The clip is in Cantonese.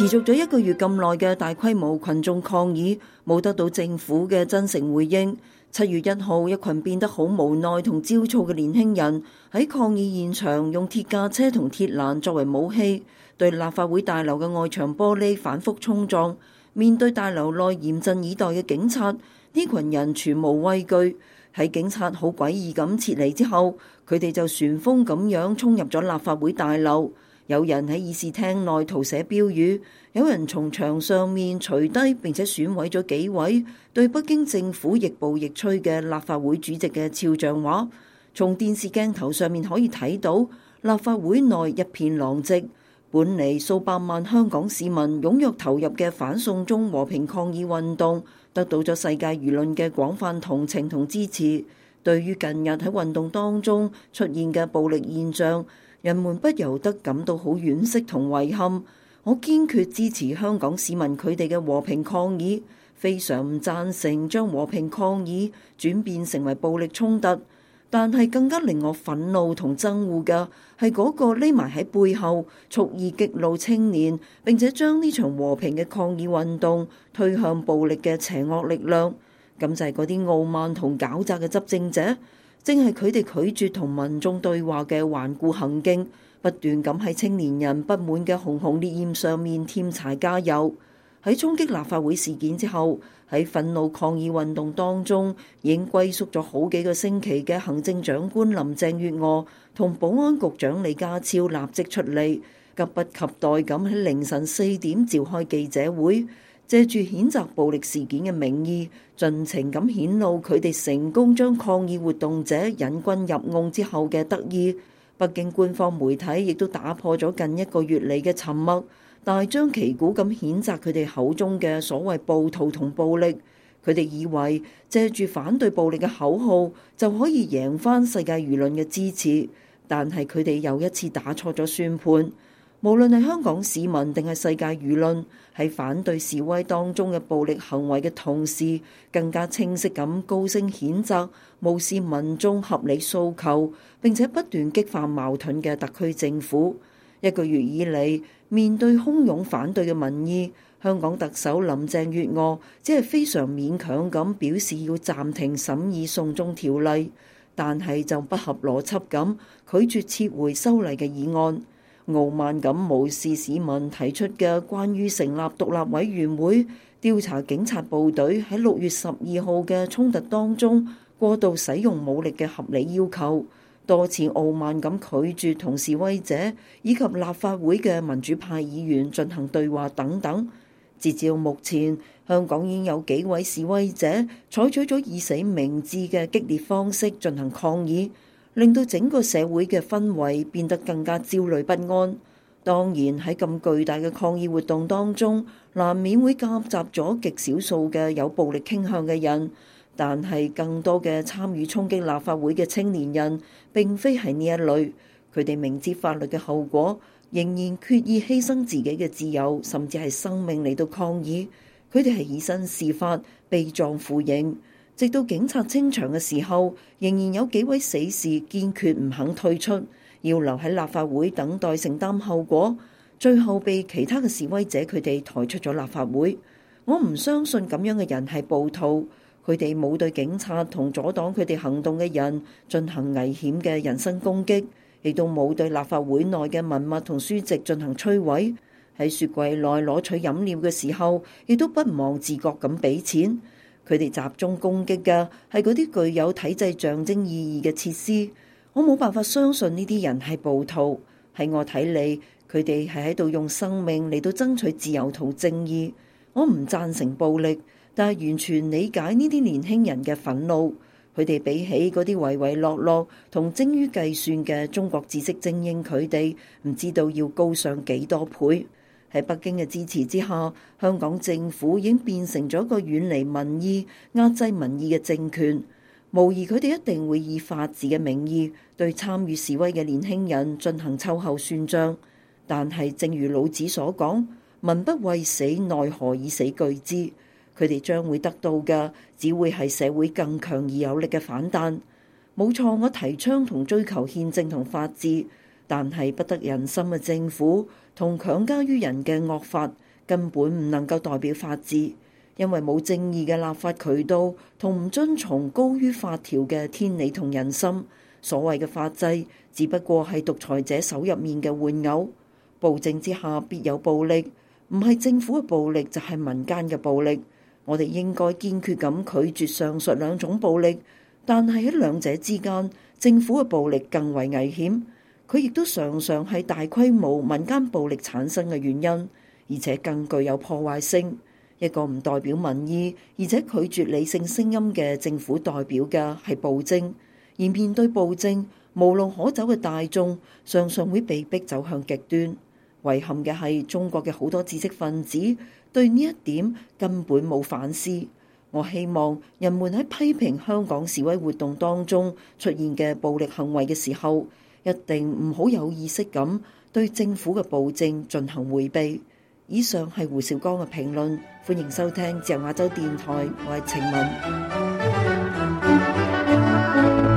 持續咗一個月咁耐嘅大規模群眾抗議，冇得到政府嘅真誠回應。七月一號，一群變得好無奈同焦躁嘅年輕人喺抗議現場用鐵架車同鐵欄作為武器，對立法會大樓嘅外牆玻璃反覆衝撞。面對大樓內嚴陣以待嘅警察，呢群人全無畏懼。喺警察好詭異咁撤離之後，佢哋就旋風咁樣衝入咗立法會大樓。有人喺議事廳內塗寫標語，有人從牆上面除低並且損毀咗幾位對北京政府亦步亦趨嘅立法會主席嘅肖像畫。從電視鏡頭上面可以睇到，立法會內一片狼藉。本嚟數百萬香港市民踊躍投入嘅反送中和平抗議運動，得到咗世界輿論嘅廣泛同情同支持。對於近日喺運動當中出現嘅暴力現象，人們不由得感到好惋惜同遺憾。我堅決支持香港市民佢哋嘅和平抗議，非常唔贊成將和平抗議轉變成為暴力衝突。但係更加令我憤怒同憎惡嘅，係嗰個匿埋喺背後蓄意激怒青年，並且將呢場和平嘅抗議運動推向暴力嘅邪惡力量。咁就係嗰啲傲慢同狡詐嘅執政者。正係佢哋拒絕同民眾對話嘅頑固行徑，不斷咁喺青年人不滿嘅熊熊烈焰上面添柴加油。喺衝擊立法會事件之後，喺憤怒抗議運動當中，已經龜縮咗好幾個星期嘅行政長官林鄭月娥同保安局長李家超立即出嚟，急不及待咁喺凌晨四點召開記者會。借住譴責暴力事件嘅名義，盡情咁顯露佢哋成功將抗議活動者引君入甕之後嘅得意。北京官方媒體亦都打破咗近一個月嚟嘅沉默，大張旗鼓咁譴責佢哋口中嘅所謂暴徒同暴力。佢哋以為借住反對暴力嘅口號就可以贏翻世界輿論嘅支持，但係佢哋又一次打錯咗算盤。無論係香港市民定係世界輿論，喺反對示威當中嘅暴力行為嘅同時，更加清晰咁高聲譴責無視民眾合理訴求，並且不斷激化矛盾嘅特區政府。一個月以嚟，面對洶湧反對嘅民意，香港特首林鄭月娥只係非常勉強咁表示要暫停審議送中條例，但係就不合邏輯咁拒絕撤回修例嘅議案。傲慢咁無視市民提出嘅關於成立獨立委員會調查警察部隊喺六月十二號嘅衝突當中過度使用武力嘅合理要求，多次傲慢咁拒絕同示威者以及立法會嘅民主派議員進行對話等等。截至到目前，香港已經有幾位示威者採取咗以死明志嘅激烈方式進行抗議。令到整個社會嘅氛圍變得更加焦慮不安。當然，喺咁巨大嘅抗議活動當中，難免會夾雜咗極少數嘅有暴力傾向嘅人。但係更多嘅參與衝擊立法會嘅青年人，並非係呢一類。佢哋明知法律嘅後果，仍然決意犧牲自己嘅自由，甚至係生命嚟到抗議。佢哋係以身試法，悲壯負刑。直到警察清場嘅時候，仍然有幾位死士堅決唔肯退出，要留喺立法會等待承擔後果，最後被其他嘅示威者佢哋抬出咗立法會。我唔相信咁樣嘅人係暴徒，佢哋冇對警察同阻擋佢哋行動嘅人進行危險嘅人身攻擊，亦都冇對立法會內嘅文物同書籍進行摧毀。喺雪櫃內攞取飲料嘅時候，亦都不忘自覺咁俾錢。佢哋集中攻擊嘅係嗰啲具有體制象徵意義嘅設施，我冇辦法相信呢啲人係暴徒。喺我睇嚟，佢哋係喺度用生命嚟到爭取自由同正義。我唔贊成暴力，但係完全理解呢啲年輕人嘅憤怒。佢哋比起嗰啲唯唯諾諾同精於計算嘅中國知識精英，佢哋唔知道要高上幾多倍。喺北京嘅支持之下，香港政府已經變成咗一個遠離民意、壓制民意嘅政權。無疑，佢哋一定會以法治嘅名義對參與示威嘅年輕人進行秋後算賬。但係，正如老子所講：民不畏死，奈何以死懼之？佢哋將會得到嘅，只會係社會更強而有力嘅反彈。冇錯，我提倡同追求憲政同法治。但係不得人心嘅政府同強加於人嘅惡法根本唔能夠代表法治，因為冇正義嘅立法渠道同唔遵從高於法條嘅天理同人心，所謂嘅法制只不過係獨裁者手入面嘅玩偶。暴政之下必有暴力，唔係政府嘅暴力就係民間嘅暴力。我哋應該堅決咁拒絕上述兩種暴力，但係喺兩者之間，政府嘅暴力更為危險。佢亦都常常係大規模民間暴力產生嘅原因，而且更具有破壞性。一個唔代表民意，而且拒絕理性聲音嘅政府代表嘅係暴政，而面對暴政無路可走嘅大眾，常常會被迫走向極端。遺憾嘅係，中國嘅好多知識分子對呢一點根本冇反思。我希望人們喺批評香港示威活動當中出現嘅暴力行為嘅時候，一定唔好有意識咁對政府嘅暴政進行回避。以上係胡少江嘅評論，歡迎收聽自由亞洲電台，我係陳文。